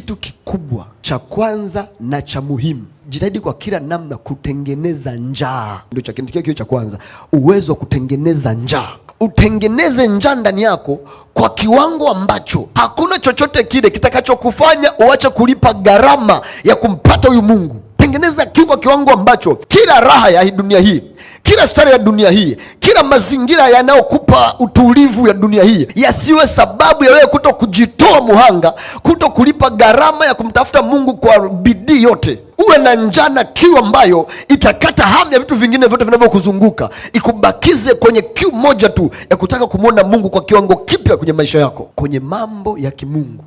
kitu kikubwa cha kwanza na cha muhimu, jitahidi kwa kila namna kutengeneza njaa. Ndio cha kindikia kio cha kwanza, uwezo wa kutengeneza njaa. Utengeneze njaa ndani yako kwa kiwango ambacho hakuna chochote kile kitakachokufanya uache kulipa gharama ya kumpata huyu Mungu. Tengeneza kiu kwa kiwango ambacho kila raha ya dunia hii kila stari ya dunia hii, kila mazingira yanayokupa utulivu ya dunia hii yasiwe sababu ya wewe kuto kujitoa muhanga, kuto kulipa gharama ya kumtafuta Mungu kwa bidii yote. Uwe na njaa na kiu ambayo itakata hamu ya vitu vingine vyote vinavyokuzunguka, ikubakize kwenye kiu moja tu ya kutaka kumwona Mungu kwa kiwango kipya kwenye maisha yako, kwenye mambo ya kimungu.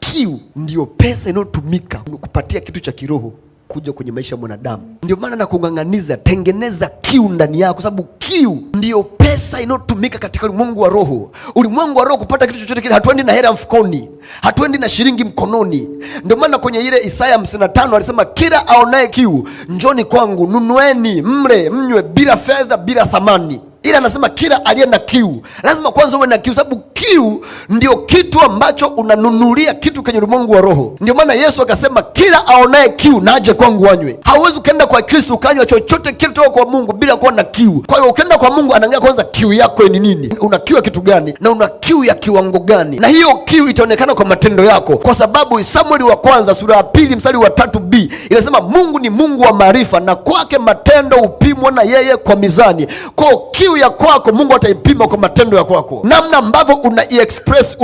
Kiu ndiyo pesa inayotumika kupatia kitu cha kiroho kuja kwenye maisha ya mwanadamu. Ndio maana nakung'ang'aniza, tengeneza kiu ndani yako, sababu kiu ndiyo pesa inayotumika katika ulimwengu wa roho. Ulimwengu wa roho kupata kitu chochote kile, hatuendi na hela mfukoni, hatuendi na shilingi mkononi. Ndio maana kwenye ile Isaya 55 alisema, kila aonaye kiu, njoni kwangu, nunueni, mle, mnywe, bila fedha, bila thamani ila anasema kila aliye na kiu. Lazima kwanza uwe na kiu, sababu kiu ndio kitu ambacho unanunulia kitu kwenye ulimwengu wa roho. Ndio maana Yesu akasema kila aonaye kiu na aje kwangu anywe. Hauwezi ukaenda kwa Kristo ukanywa chochote kile kutoka kwa Mungu bila kuwa na kiu. Kwa hiyo ukienda kwa Mungu anaangalia kwanza kiu yako ni nini, una kiu ya kitu gani na una kiu ya kiwango gani, na hiyo kiu itaonekana kwa matendo yako, kwa sababu Samueli wa kwanza sura ya pili mstari wa tatu b inasema Mungu ni Mungu wa maarifa, na kwake matendo hupimwa na yeye kwa mizani. Kwa kiu ya kwako Mungu ataipima kwa matendo ya kwako, namna ambavyo unaiexpress,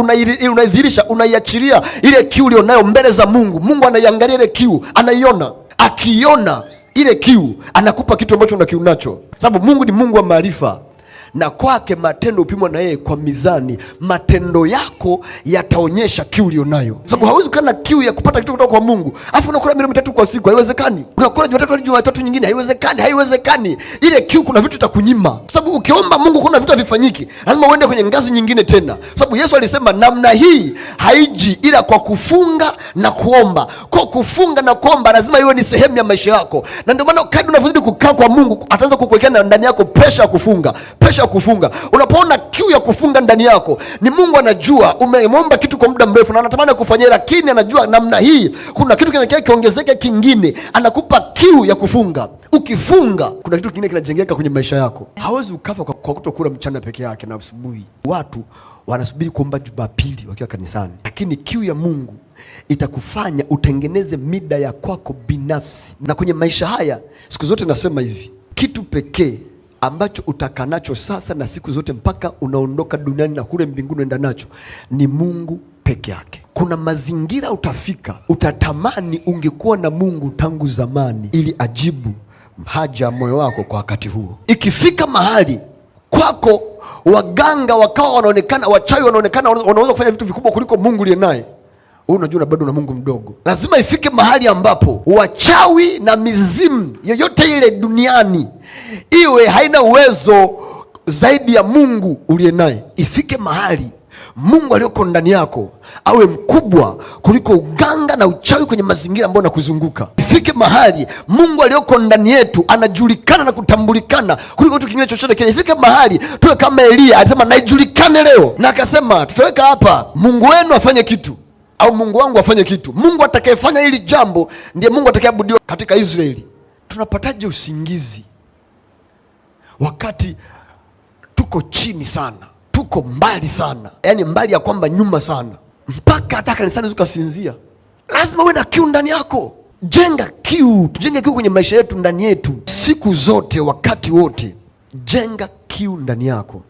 unaidhirisha unaiachilia ile kiu ulionayo mbele za Mungu. Mungu anaiangalia ile kiu, anaiona. Akiona ile kiu, anakupa kitu ambacho una kiu nacho, sababu Mungu ni Mungu wa maarifa na kwake matendo upimwa na yeye kwa mizani. Matendo yako yataonyesha kiu ulionayo, sababu hauwezi kana kiu ya kupata kitu kutoka kwa Mungu afu unakula milo mitatu kwa siku, haiwezekani. Unakula Jumatatu hadi Jumatatu nyingine, haiwezekani, haiwezekani. Ile kiu, kuna vitu itakunyima, kwa sababu ukiomba Mungu kuna vitu havifanyiki, lazima uende kwenye ngazi nyingine tena, kwa sababu Yesu alisema namna hii haiji ila kwa kufunga na kuomba. Kwa kufunga na kuomba lazima iwe ni sehemu ya maisha yako, na ndio maana kadri unavyozidi kukaa kwa Mungu ataanza kukuwekea ndani yako presha ya kufunga, presha ya kufunga. Unapoona kiu ya kufunga ndani yako, ni Mungu anajua umemwomba kitu kwa muda mrefu na anatamani kufanyia, lakini anajua namna hii kuna kitu kinaelekea kiongezeke kingine, anakupa kiu ya kufunga. Ukifunga kuna kitu kingine kinajengeka kwenye maisha yako. Hawezi ukafa kwa, kwa kutokula mchana peke yake na asubuhi. Watu wanasubiri kuomba Jumapili wakiwa kanisani, lakini kiu ya Mungu itakufanya utengeneze mida ya kwako binafsi. Na kwenye maisha haya siku zote nasema hivi, kitu pekee ambacho utakanacho sasa na siku zote mpaka unaondoka duniani na kule mbinguni unaenda nacho ni Mungu peke yake. Kuna mazingira utafika, utatamani ungekuwa na Mungu tangu zamani, ili ajibu haja moyo wako kwa wakati huo. Ikifika mahali kwako, waganga wakawa wanaonekana, wachawi wanaonekana wanaweza kufanya vitu vikubwa kuliko Mungu uliye naye wewe unajua bado na Mungu mdogo. Lazima ifike mahali ambapo wachawi na mizimu yoyote ile duniani iwe haina uwezo zaidi ya Mungu uliye naye. Ifike mahali Mungu aliyoko ndani yako awe mkubwa kuliko uganga na uchawi kwenye mazingira ambayo nakuzunguka. Ifike mahali Mungu aliyoko ndani yetu anajulikana na kutambulikana kuliko kitu kingine chochote kile. Ifike mahali tuwe kama Eliya, alisema naijulikane leo, na akasema tutaweka hapa, Mungu wenu afanye kitu au Mungu wangu afanye kitu. Mungu atakayefanya hili jambo ndiye Mungu atakayeabudiwa katika Israeli. Tunapataje usingizi? wakati tuko chini sana, tuko mbali sana, yaani mbali ya kwamba nyuma sana, mpaka hata kanisani ukasinzia. Lazima uwe na kiu ndani yako. Jenga kiu, tujenge kiu kwenye maisha yetu, ndani yetu, siku zote, wakati wote, jenga kiu ndani yako.